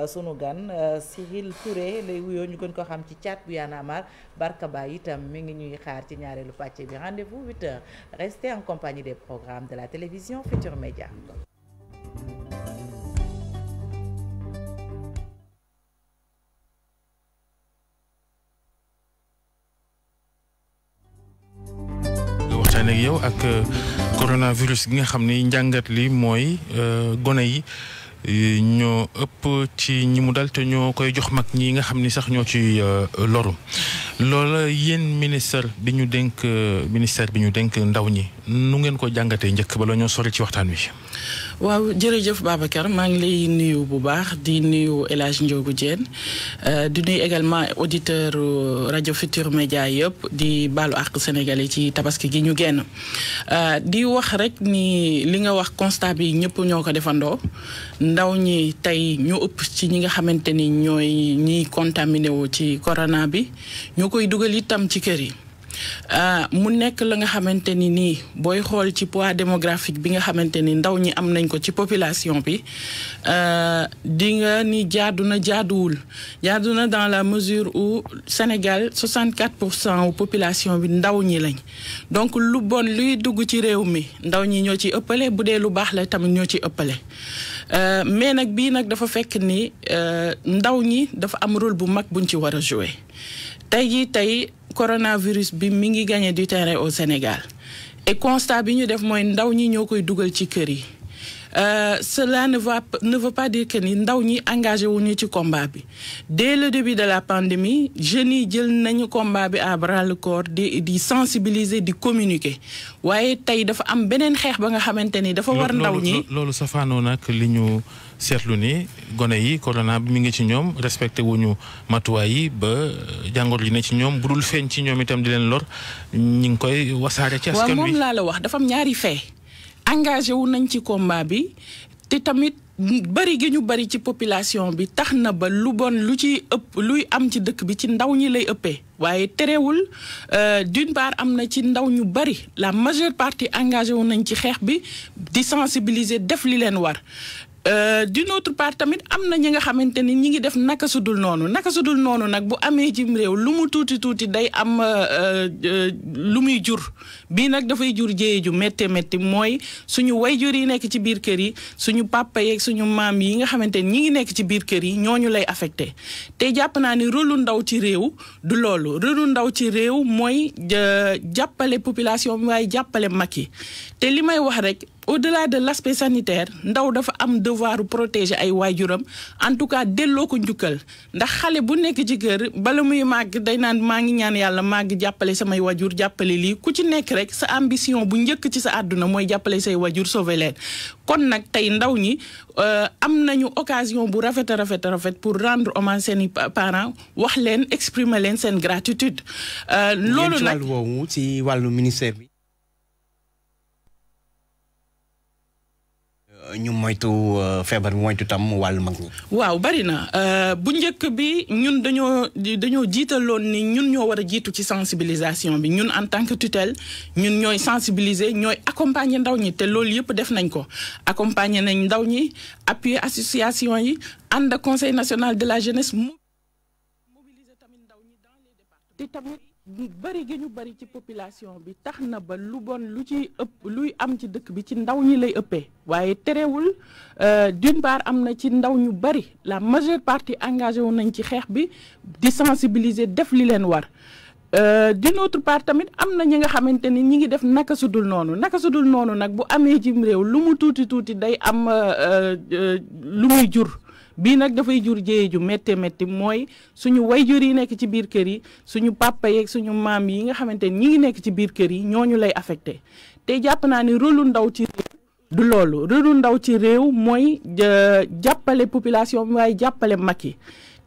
Euh, sunu gan euh, Ciril Touré lay wuyoo ñu gën ko xam ci caat bu Y'en a itam mi ngi ñuy xaar ci ñaareelu pàcc bi rendez-vous 8h en compagnie des programmes de la télévision Futur Média waxtaan ak yow ak euh, coronavirus gi nga xam ne njàngat li mooy gone yi ñoo ëpp ci ñi mu dal te ñoo koy jox mag ñi nga xam ni sax ñoo ci euh, loru loola yéen ministère bi ñu dénk ministère bi ñu denk ndaw ñi nu ngeen ko jàngatee njëkk ba ñoo sori ci waxtaan wi. waaw jërëjëf Babacar maa ngi lay nuyu bu baax di nuyu élage Hadj Ndiogou Diène euh, di nuyu également auditeur euh, rajo Futur Média yëpp di baalu àq sénégalais ci tabaski gi ñu génn euh, di wax rek ni li nga wax constat bi ñëpp ñoo ko defandoo ndaw ñi tey ñu ëpp ci ñi nga xamante ni ñooy ñiy contaminé wu ci corona bi ñu koy dugal itam ci kër yi. Euh, mu nekk la nga xamante ni nii booy xool ci poids démographique bi nga xamante ni ndaw ñi am nañ ko ci population bi euh, di nga ni jaadu na jaaduwul jaadu na dans la mesure où Sénégal 64 pour cent population bi ndaw ñi lañ donc lu bon luy dugg ci réew mi ndaw ñi ñoo ci ëppale bu dee lu baax la tamit ñoo ci ëppale euh, mais nag bii nag dafa fekk ni ndaw ñi dafa am rôle bu mag buñ ci war a jouer tey jii tey coronavirus bi mi ngi gagné du terrain au Sénégal et constat bi ñu def mooy ndaw ñi ñoo koy dugal ci kër yi. Euh, cela ne va ne pas dire que ni ndaw ñi engagé wu ñu ci combat bi dès le début de la pandémie jeunes yi jël nañu combat bi à bras corps di di sensibiliser di communiquer waaye tey dafa am beneen xeex ba nga xamante ni dafa war ndaw ñi loolu safaanoo nag li ñu seetlu ni gone yi corona bi mi ngi ci ñoom respecté wuñu matuwaay yi ba euh, jàngoro yi ne ci ñoom bu dul feeñ ci ñoom itam di leen lor ñi ngi koy wasaare ci askan wi waaw moom laa la wax dafa am ñaari fee engagé wu nañ ci combat bi te tamit bari gi ñu bari ci population bi tax na ba lu bon lu ci ëpp luy am ci dëkk bi ci ndaw ñi lay ëppee waaye terewul euh, d'une part am na ci ndaw ñu bari la majeure partie engagé wu nañ ci xeex bi di sensibiliser def li leen war Euh, d'une autre part tamit am na ñi nga xamante ni ñu ngi def naka sudul noonu naka sudul noonu nag bu amee cim réew lu mu tuuti tuuti day am euh, euh, lu muy jur bii nag dafay jur jéye ju métti métti mooy suñu wayjur yi nekk ci biir kër yi suñu papa yeeg suñu maam yi nga xamante ni ñu ngi nekk ci biir kër yi ñoo ñu lay affecté te jàpp naa ni rôle ndaw ci réew du loolu rôle ndaw ci réew mooy jàppale population bi waaye jàppale mag yi te li may wax rek au-delà de l'aspect sanitaire ndaw dafa am devoir protégé ay waajuram en tout cas delloo ko njukkal ndax xale bu nekk ci kër bala muy màgg day naan maa ngi ñaan yàlla maa ngi jàppale samay waajur jàppale lii ku ci nekk rek sa ambition bu njëkk ci sa àdduna mooy jàppale say waajur sauver kon nag tey ndaw ñi euh, am nañu occasion bu rafet a rafet a rafet pour rendre hommage seeni parent wax leen exprimer leen seen gratitude euh, loolu nag ci wàllu ministère bi ñu moytu euh, feebar moytu tam wàllu mag ñi. waaw bari na euh, bu njëkk bi ñun dañoo dañoo jiitaloon ni ñun ñoo war a jiitu ci sensibilisation bi ñun en tant que tutelle ñun ñooy sensibiliser ñooy accompagner ndaw ñi te loolu yëpp def nañ ko accompagner nañ ndaw ñi appuyer association yi ànd ak conseil national de la mu mobiliser tamit ndaw ñi dans les départements bëri gi ñu bëri ci population bi tax na ba lu bon lu ci ëpp luy am ci dëkk bi ci ndaw ñi lay ëppee waaye terewul euh, d'une part am na ci ndaw ñu bëri la majeure partie engagé wu nañ ci xeex bi di sensibiliser def li leen war euh, d'une autre part tamit am na ñi nga xamante ni ñi ngi def naka sudul noonu naka sudul noonu nag bu amee jim réew lu mu tuuti tuuti day am euh, lu muy jur bii nag dafay jur jéye ju métte métti mooy suñu wayjur yi nekk ci biir kër yi suñu papa yeeg suñu maam yi nga xamante ni ñi ngi nekk ci biir kër yi ñoo ñu lay affecté te jàpp naa ni rôlu ndaw ci du loolu rôlu ndaw ci réew mooy jàppale population waaye jàppale mag yi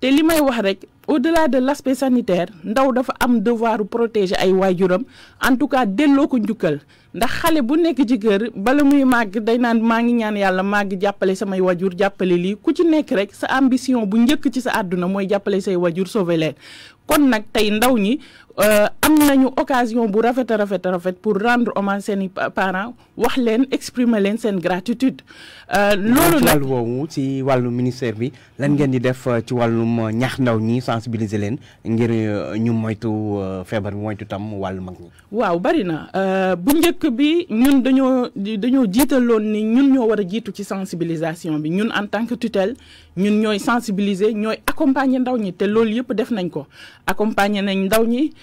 te li may wax rek au-delà de l'aspect sanitaire ndaw dafa am devoir protéger ay waajuram en tout cas delloo ko njukkal ndax xale bu nekk ci kër bala muy màgg day naan maa ngi ñaan yàlla màgg jàppale samay waajur jàppale lii ku ci nekk rek sa ambition bu njëkk ci sa àdduna mooy jàppale say waajur sauver kon nag tey ndaw ñi Euh, am nañu occasion bu rafet a rafet a rafet pour rendre hommage seeni parent wax leen exprimer leen seen gratitude. Euh, loolu nag wàllu woowu ci wàllu ministère bi leen ngeen di def euh, ci wàllum ñaax ndaw ñi sensibiliser leen ngir ñu moytu feebar bi moytu tam wàllu mag ñi. waaw bari na bu njëkk bi ñun dañoo dañoo jiitaloon ni ñun ñoo war a jiitu ci sensibilisation bi ñun en tant que tutelle ñun ñooy sensibiliser ñooy accompagner ndaw ñi te loolu yëpp def nañ ko accompagner nañ ndaw ñi.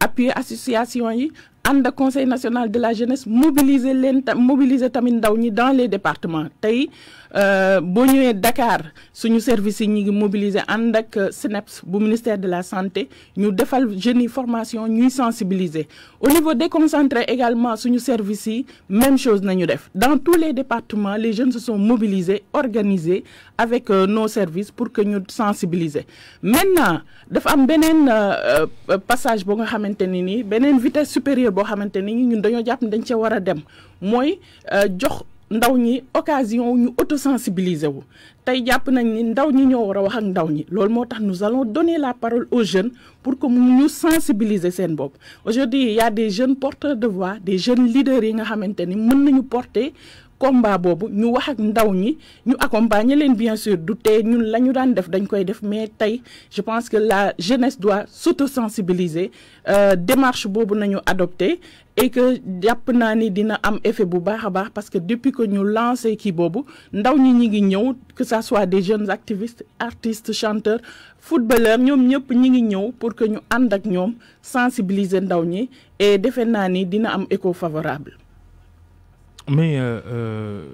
appuyer association yi ànd ak conseil national de la jeunesse mobiliser leen tam mobiliser tamit ndaw ñi dans les département tey euh, boo ñëwee Dakar suñu service yi ñu ngi mobiliser ànd ak euh, SNEPS bu ministère de la santé ñu defal jeunes yi formation ñuy sensibiliser. au niveau déconcentré également suñu service yi même chose nañu def dans tous les départements les jeunes se sont mobilisés organisés avec euh, nos services pour que ñu sensibiliser maintenant dafa am beneen passage boo nte ni nii beneen vitesse supérieure boo xamante ni ñun dañoo jàpp ne dañ cee war a dem mooy euh, jox ndaw ñi occasion ñu autosensibiliser wu tey jàpp nañ ni ndaw ñi ñoo war a wax ak ndaw ñi loolu moo tax nous allons donner la parole au jeunes pour que ñu sensibiliser seen bopp aujourd'hui il y des jeunes porteurs de voix des jeunes leaders yi nga xamante ni mën nañu porter combat boobu ñu wax ak ndaw ñi ñu accompagner leen bien sûr du te ñun la ñu daan def dañ koy def mais tey je pense que la jeunesse doit s'auto-sensibiliser euh, démarche boobu nañu adopté et que jàpp naa ni dina am effet bu baax a baax parce que depuis que ñu lancé ki boobu ndaw ñi ñu ngi ñëw que ça soit des jeunes activistes artistes chanteurs footballeurs ñoom ñëpp ñu ngi ñëw pour que ñu ànd ak ñoom sensibiliser ndaw ñi et defe naa ni dina am éco favorable mais euh, euh,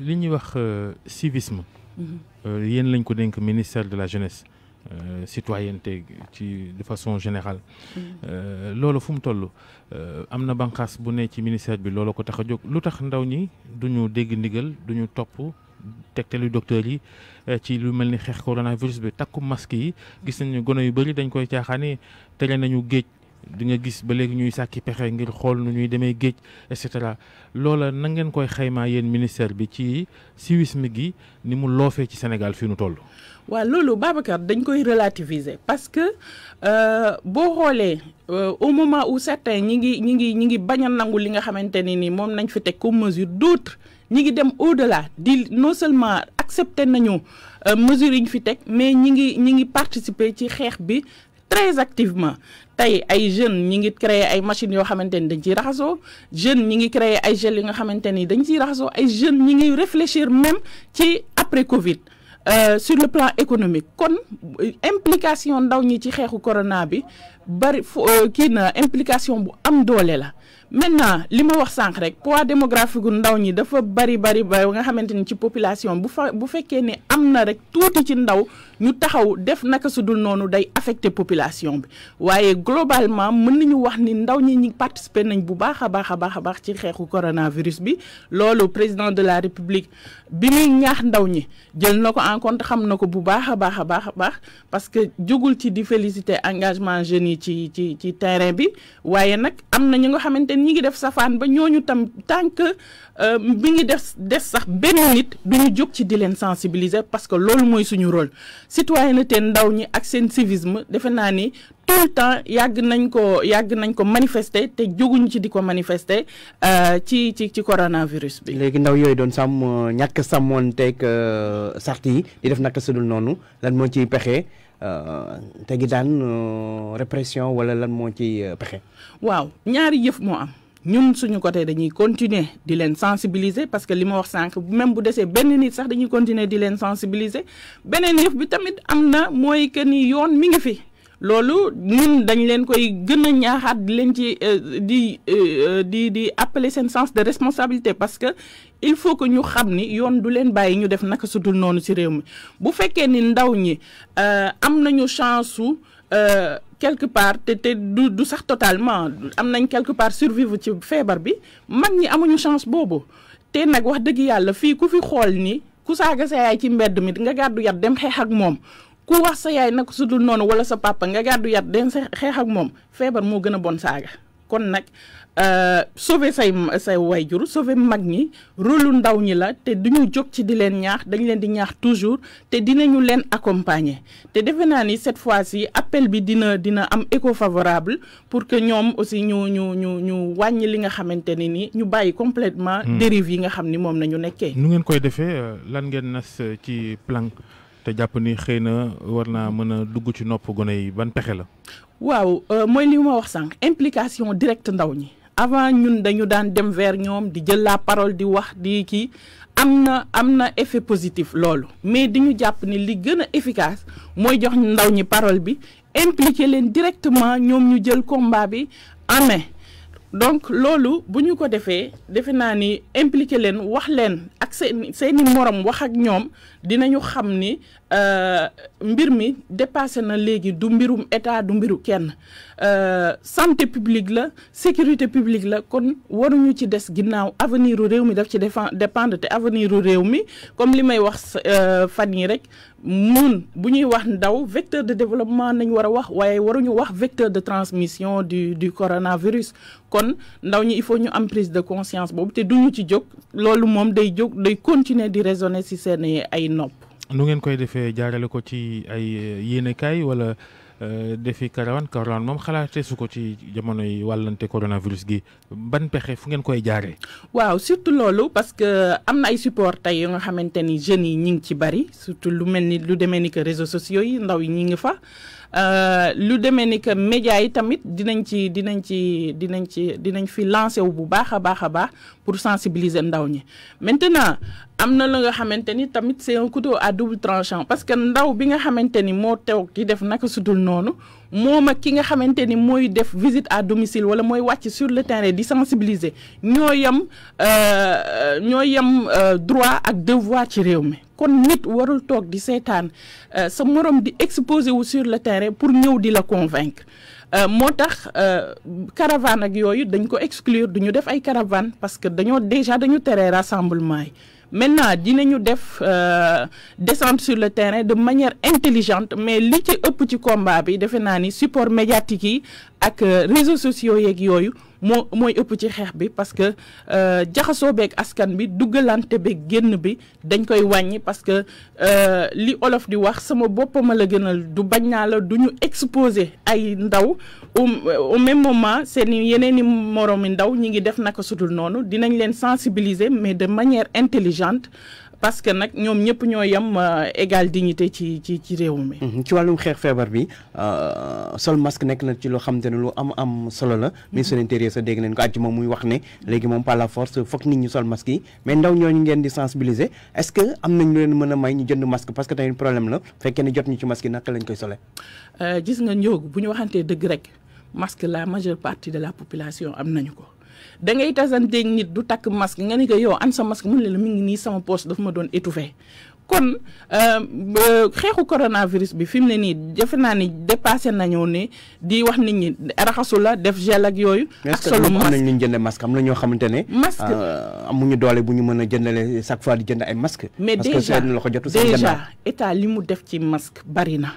li ñuy wax euh, civisme. Mm-hmm. yéen lañ ko dénk ministère de la jeunesse citoyenneté ci de façon générale. Mm-hmm. loolu fu mu toll am na banqaas bu ne ci ministère bi loolu ko tax a jóg lu tax ndaw ñi duñu dégg ndigal duñu topp. te tegtalu docteur yi ci lu mel ni xeex coronavirus bi takku masque yi gis nañu gone yu bëri dañ koy caaxaani tere nañu géej di nga gis ba léegi ñuy sàkki pexe ngir xool nu ñuy demee géej et cetera loola na ngeen koy xaymaa yéen ministère bi ci civisme gi ni mu loofee ci Sénégal fi nu toll. waa loolu Babacar dañ koy relativiser parce que euh, boo xoolee euh, au moment où certains ñi ngi ñi ngi ñi ngi bañ a nangu li nga xamante ne ni moom nañ fi teg comme mesure d'autres ñi ngi dem au la di non seulement accepter nañu euh, mesures yi ñu fi teg mais ñi ngi ñi ngi participer ci xeex bi. très activement tey ay jeunes ñi ngi créer ay machines yoo xamante ni dañ ciy raxasoo jeune ñi ngi créer ay gel yi nga xamante ni dañ ciy raxasoo ay jeunes ñi ngi réfléchir même ci après Covid euh, sur le plan économique kon euh, implication ndaw ñi ci xeexu corona bi bari euh, kii na implication bu am doole la maintenant li ma wax sànq rek poids démographique gu ndaw ñi dafa bari bari ba nga xamante ni ci population bu fa bu fekkee ne am na rek tuuti ci ndaw ñu taxaw def naka su dul noonu day affecté population bi waaye globalement mën nañu wax ni ndaw ñi ñi participer nañ bu baax a baax a baax a baax ci xeexu coronavirus bi loolu président de la république bi muy ñaax ndaw ñi jël na ko en compte xam na ko bu baax a baax a baax a baax parce que jógul ci di féliciter engagement jeunes yi ci ci ci terrain bi waaye nag am na ñu nga xamante ni ñi ngi def safaan ba ñooñu tam tant que euh, mi ngi def des sax benn nit ñu jóg ci di leen sensibiliser parce que loolu mooy suñu rôle citoyenneté ndaw ñi ak seen civisme defe naa ni tout temps yàgg nañ ko yàgg nañ ko manifesté te jóguñu ci di ko manifester euh, ci ci ci coronavirus bi. léegi ndaw yooyu doon sàmm ñàkk sàmmoon teg euh, sart yi di def nakk sudul noonu lan moo ciy pexe euh, tegi daan répression wala lan moo ci pexe. waaw ñaari yëf moo am. ñun suñu côté dañuy continuer di leen sensibiliser parce que li ma wax sànq même bu desee benn nit sax dañuy continuer di leen sensibiliser beneen yëf bi tamit am na mooy que ni yoon mi ngi fi. loolu ñun dañ leen koy gën a ñaaxaat di leen ci euh, di euh, di di appeler seen sens de responsabilité parce que il faut que ñu xam ni yoon du leen bàyyi ñu def naka sudul noonu ci réew mi bu fekkee ni ndaw ñi euh, am nañu chance su quelque part te te du sax totalement am nañ quelque part survivre ci feebar bi mag ñi amuñu chance boobu te nag wax dëgg yàlla fii ku fi xool ni ku saaga sa yaay ci mbedd mi nga gàddu yat dem xeex ak moom ku wax sa yaay nag su dul noonu wala sa papa nga gàddu yat den sa xeex ak moom feebar moo gën a bon saaga kon nag euh, sauver say say wayjur sauver mag ñi rôlu ndaw ñi la te duñu jóg ci di leen ñaax dañ leen di ñaax toujours te dinañu leen accompagner te defe naa ni cette fois-ci appel bi dina dina am éco favorable pour que ñoom aussi ñu ñu ñu ñu wàññi li nga xamante ne ni ñu bàyyi completement hmm. dérive yi nga xam ni moom nañu nekkee. nu ngeen koy defee euh, lan ngeen nas ci plan. te jàpp ni xëy na war naa mën a dugg ci nopp gone yi ban pexe la. waaw euh, mooy li ma wax sànq implication directe ndaw ñi avant ñun dañu daan dem vers ñoom di jël la parole di wax di kii am na am na effet positif loolu mais di ñu jàpp ni li gën a efficace mooy jox ndaw ñi parole bi impliquer leen directement ñoom ñu jël combat bi amee. donc loolu bu ñu ko defee defe naa ni impliqué leen wax leen ak seen seeni morom wax ak ñoom dinañu xam ni Euh, mbir mi dépassé na léegi du mbirum état du mbiru kenn euh, santé publique la sécurité publique la kon waruñu ci des ginnaaw avenir réew mi def ci dépendre te avenir réew mi comme li may wax euh, fan yi rek mun bu ñuy wax ndaw vecteur de développement nañ war a wax waaye waruñu wax vecteur de transmission du du coronavirus kon ndaw ñi il faut ñu am prise de conscience boobu te duñu ci jóg loolu moom day jóg day continuer di résonner ci seen ay nopp nu ngeen koy defee jaarale ko ci ay eh, yéenekaay wala eh, defi karawaan karawaan moom xalaatee su ko ci jamono yi wàllante coronavirus gi ban pexe fu ngeen koy jaaree. waaw surtout loolu parce que am na ay support tey nga xamante ni jeunes yi ñu ngi ci bari surtout lu mel ni lu demee ni que réseaux sociaux yi ndaw yi ñu nga fa. Euh, lu demee ni que médias yi tamit dinañ ci dinañ ci dinañ ci dinañ fi lancé wu bu baax a baax a baax pour sensibiliser ndaw ñi maintenant am na la nga xamante ni tamit c'est un couteau à double tranchant parce que ndaw bi nga xamante ni moo teew di def naka sudul noonu moom ak ki nga xamante ni mooy def visite à domicile wala mooy wàcc sur le terrain di sensibiliser ñoo yem euh, ñoo yem euh, droit ak devoir ci réew mi kon nit warul toog di seetaan euh, sa morom di exposer wu sur le terrain pour ñëw di la convaincre moo tax caravane ak yooyu dañ ko exclure du ñu def ay caravane parce que dañoo déjà dañu tere rassemblement yi maintenant dinañu def euh, descendre sur le terrain de manière intelligente mais li ci ëpp ci combat bi defe naa ni support médiatique yi ak euh, réseaux sociaux yeeg yooyu moo mooy ëpp ci xeex bi parce que euh, jaxasoo beeg askan bi duggalante beeg génn bi dañ koy wàññi parce que euh, li olof di wax sama boppam boppama la gënal du bañ naa la du ñu exposé ay ndaw euh, au même moment seeni yeneen i moroomi ndaw ñi ngi def naka sudul noonu dinañ leen sensibiliser mais de manière intelligente parce que nag ñoom ñëpp ñoo yem euh, égale dignité ci ci ci réew mi. Mhm. ci wàllum xeex feebar bi euh, sol masque nekk na ci loo xamante ne lu am am solo la. Mhm. ministre de l'intérieur sa dégg nañ ko àjjuma muy wax ne léegi moom par la force foog nit ñi sol masque yi mais ndaw ñooñu ngeen di sensibiliser est-ce que am nañ lu leen mën a may ñu jënd masque parce que tamit problème la fekkee ne jot ñu ci masque yi naka lañ koy sole euh, gis nga njóog bu ñu waxantee dëgg rek masque la majeure partie de la population am nañu ko. da ngay tasanteeg nit du takk masque nga ne ko yow an sa masque mun la mi ngi nii sama poche dafa ma doon étouffé kon euh, euh, xeexu coronavirus bi fi mu ne nii defe naa ni dépassé nañoo ne di wax nit ñi raxasu la def gel ak yooyu. ak solo masque nañ ñu jënd masque am ñoo xamante ne. masque euh, amuñu doole bu ñu mën a jëndalee chaque fois di jënd ay masque mais déjà déjà état li mu def ci masque bari na.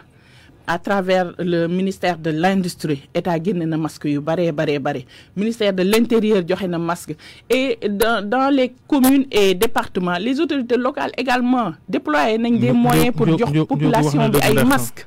à travers le ministère de l'industrie état génne na masque yu bare bare bare ministère de l'intérieur joxe na masque et dans les communes et département les autorités locales également déployé nañ des moyens pour jox population bi ay masques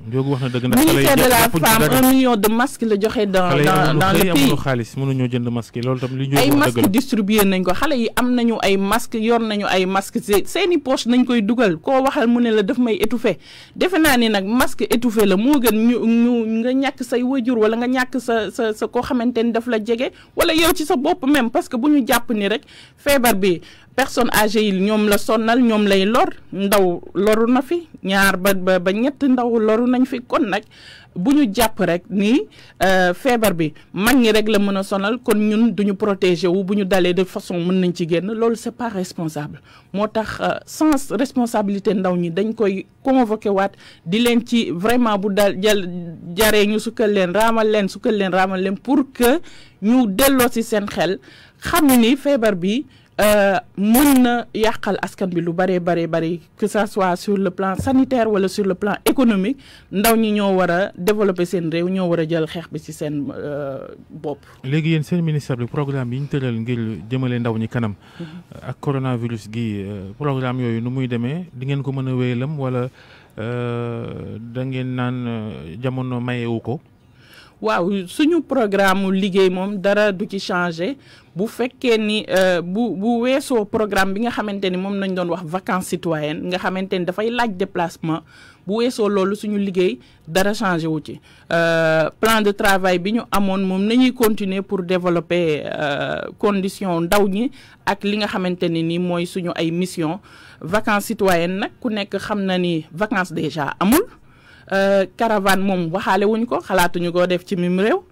ministère de la femme un million de masques la joxe dans dans dans le pays jënd masque loolu tam li ñu ay masques distribué nañ ko xale yi am nañu ay masques yor nañu ay masques seeni poche nañ koy dugal koo waxal mu ne la daf may étouffé defe naa ne nag masque étouffé moo gën ñu ñu nga ñàkk say wajur wala nga ñàkk sa sa sa koo xamante ni daf la jege wala yow ci sa bopp même parce que bu ñu jàpp ni rek feebar bi personne age yi ñoom la sonnal ñoom lay lor ndaw loru na fi ñaar ba ba ñett ndaw loru nañ fi kon nag bu ñu jàpp rek ni euh, feebar bi mag ñi rek la mën a sonal kon ñun duñu protéger wu bu ñu dalee de façon mën nañ ci génn loolu c'est pas responsable moo tax euh, sans responsabilité ndaw ñi dañ koy convoqué waat di leen ci vraiment bu dal jël jaree ñu sukkal leen raamal leen sukkal leen raamal leen pour que ñu delloo si seen xel xam ni feebar bi Euh, mën na yàqal askan bi lu bare bare bari que ça soit sur le plan sanitaire wala sur le plan économique ndaw ñi ñoo war a développer seen réew ñoo war a jël xeex bi ci seen euh, bopp. léegi yéen seen ministère bi programme yi ñu tëral ngir jëmale ndaw ñi kanam. Mhm. ak coronavirus gi euh, programme yooyu nu muy demee di ngeen ko mën a wéyalam wala da ngeen naan jamono mayewu ko. waaw suñu programme liggéey moom dara du ci changé bu fekkee ni euh, bu bu weesoo programme bi nga xamante ni moom nañ doon wax vacances citoyennes nga xamante ni dafay laaj déplacement bu weesoo loolu suñu liggéey dara changé wu ci euh, plan de travail bi ñu amoon moom nañuy continuer pour développer euh, condition ndaw ñi ak li nga xamante ni ni mooy suñu ay mission vacances citoyennes nag ku nekk xam na ni vacance déjà amul Euh, caravane moom waxaale wuñ ko xalaatuñu koo def ci mim réew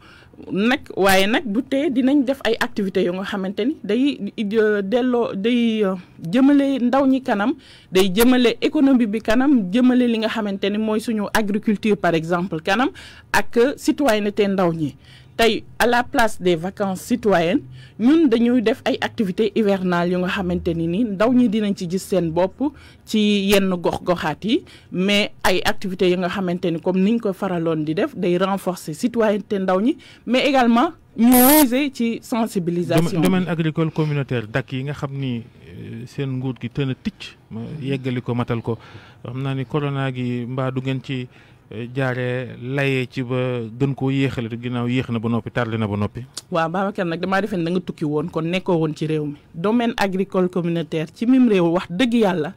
nag waaye nag bu tee dinañ def ay activités yoo nga xamante ni day euh, delloo day euh, jëmale ndaw ñi kanam day jëmale économie bi kanam jëmale li nga xamante ni mooy suñu agriculture par exemple kanam ak citoyenneté ndaw ñi tey à la place des vacances citoyennes ñun dañuy def ay activités hivernales yu nga xamante ni ni ndaw ñi dinañ ci gis seen bopp ci yenn gox-goxaat yi mais ay activités yi nga xamante ni comme niñ ko faraloon di def day renforcer te ndaw ñi mais également ñu miser ci sensibilisation. domaine agricole communautaire dakk yi nga xam ni euh, seen nguur gi tën a ticc. ma yeggali ko matal ko xam naa ni corona gi mbaa du ngeen ci. jaaree layee ci ba gën koo yéexale ginnaaw yéex na ba noppi tardé na ba noppi. waaw Babacar nag damaa defe ne da tukki woon kon nekkoo woon ci réew mi domaine agricole communautaire ci mim réew wax dëgg yàlla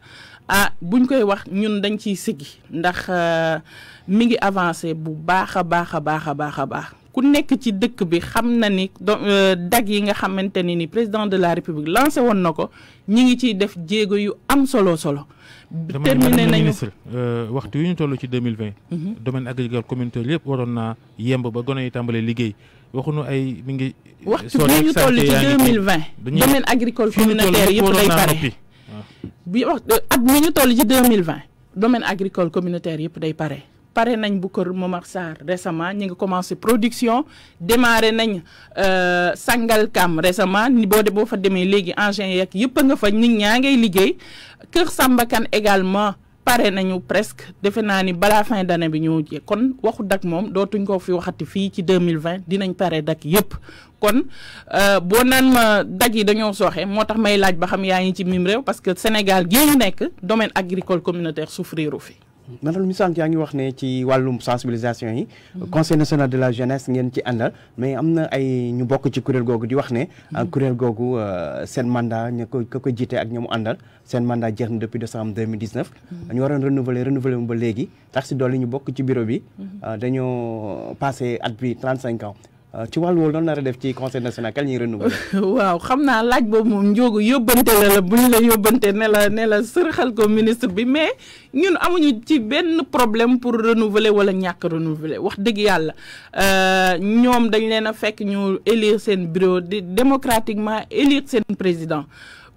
ah buñ koy wax ñun dañ ciy siggi ndax euh, mi ngi avancé bu baax a baax a baax a baax a baax. ku nekk ci dëkk bi xam na ni euh, dagg yi nga xamante ne ni président de la république lancé woon na ko ñi ngi ciy def jéego yu am solo solo. terminé nañu euh, waxtu yu ñu toll ci 2020 mhm. domaine agricole communautaire yëpp waroon naa yemb ba gone yi tàmbalee liggéey waxu waxuñu ay mi ngi euh, waxtu bi euh, ñu toll ci 2020 domaine agricole communautaire yëpp day pare bi wax at ñu toll ci 2020 domaine agricole communautaire yëpp day pare pare nañ bu kër Momar Sarr récemment ñu ngi commencé production démarré nañ euh, Sangalkam récemment ni boo de boo fa demee léegi engins yeeg yëpp a nga fa nit ñaa ngay liggéey kër Samba Kane également pare nañu presque defe naa ni balaa fin d'année bi ñu jee kon waxu dak moom dootuñ ko fi waxati fii ci 2020 dinañ pare dak yëpp kon euh, boo naan ma daj yi dañoo sooxe moo tax may laaj ba xam yaa ngi ci mim réew parce que Sénégal gi ñu nekk domaine agricole communautaire souffriru fi madame mi sant yaa ngi wax ne ci wàllum sensibilisation yi. Mm-hmm. conseil national de la jeunesse ngeen ci àndal mais am na ay ñu bokk ci kuréel googu di wax ne. Mm-hmm. kuréel googu euh, seen mandat ñu ko ko jiite ak ñoomu àndal seen mandat jeex na depuis décembre 2019. Mm-hmm. ñu waroon renouveler renouveler mu ba léegi tax si dolli ñu bokk ci bureau bi. Euh, dañoo passé at bi cinq ans. Euh, ci wàllu woowu noonu nar a def ci conseil national kañ ñuy renouveler. waaw xam naa laaj boobu moom njóogu yóbbante la la bu ñu la yóbbante ne la ne la sërxal ko ministre bi mais ñun amuñu ci benn problème pour renouveler wala ñàkk renouveler wax dëgg yàlla euh, ñoom dañ leen a fekk ñu élire seen bureau di démocratiquement élire seen président.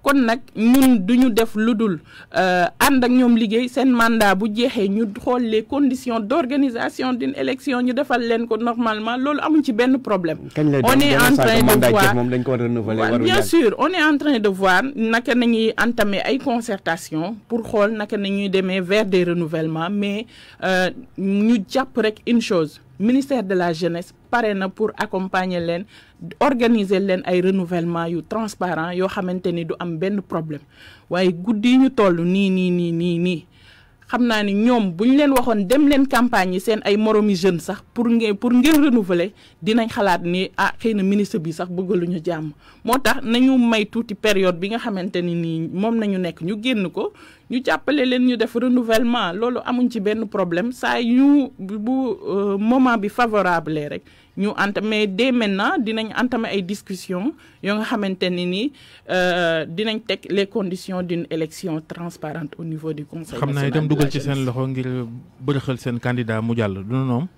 kon nag ñun du ñu def lu dul euh, ànd ak ñoom liggéey seen mandat bu jeexee ñu xool les conditions d'organisation d'une élection ñu defal leen ko normalement loolu amuñ ci benn problème on est en train de voir bien sûr on est en train de voir naka nañuy entamer ay concertation pour xool naka nañuy demee vers des renouvellements mais euh, ñu jàpp rek une chose ministère de la jeunesse pare na pour accompagner leen organiser leen ay renouvellement yu transparent yoo xamante ni du am benn problème waaye guddi yi ñu toll nii nii nii nii nii xam naa ni ñoom bu ñu leen waxoon dem leen campagne yi seen ay moromi jeune sax pour ngeen pour ngir renouveler dinañ xalaat ni ah xëy na ministre bi sax ñu jàmm moo tax nañu may tuuti période bi nga xamante ni nii moom nañu nekk ñu génn ko ñu jàppale leen ñu def renouvellement loolu amuñ ci benn problème saa ñu bu euh, moment bi favorable rek ñu entamé mais dès maintenant dinañ entamé ay discussions yoo nga xamante ne ni euh, dinañ teg les conditions d'une élection transparente au niveau du conseil. xam naa itam dugal ci seen loxo ngir bërëxal seen candidat mu jàll du noonu.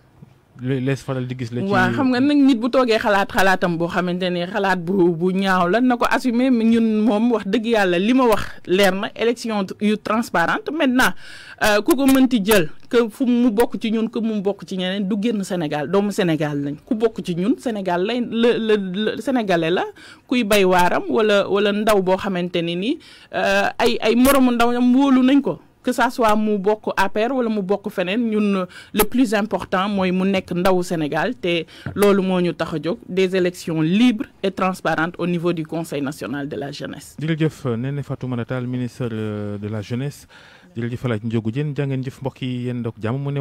lees faral di gis la. ci waaw xam nga nag nit bu toogee xalaat xalaatam boo xamante ne xalaat bu bu ñaaw la na ko assumer ñun moom wax dëgg yàlla li ma wax leer na élection yu transparente maintenant euh, ku ko mënti jël que fu mu bokk ci ñun que mu bokk ci ñeneen du génn Sénégal doomu Sénégal lañ ku bokk ci ñun senegal lay la la sénégalais la kuy bay waaram wala wala ndaw boo xamante ne ni euh, ay ay moromu ndaw ñam wóolu nañ ko. que ça soit mu bokk APR wala mu bokk feneen ñun le plus important mooy mu nekk ndawu Sénégal te loolu moo ñu tax a jóg des élections libres et transparentes au niveau du conseil national de la jeunesse. jërëjëf Néné Fatoumata Tall ministre euh, de la jeunesse jërëjëf El Hadj Ndiogou Diène jaa ngeen jëf mbokk yi yéen donc jàmm mu ne.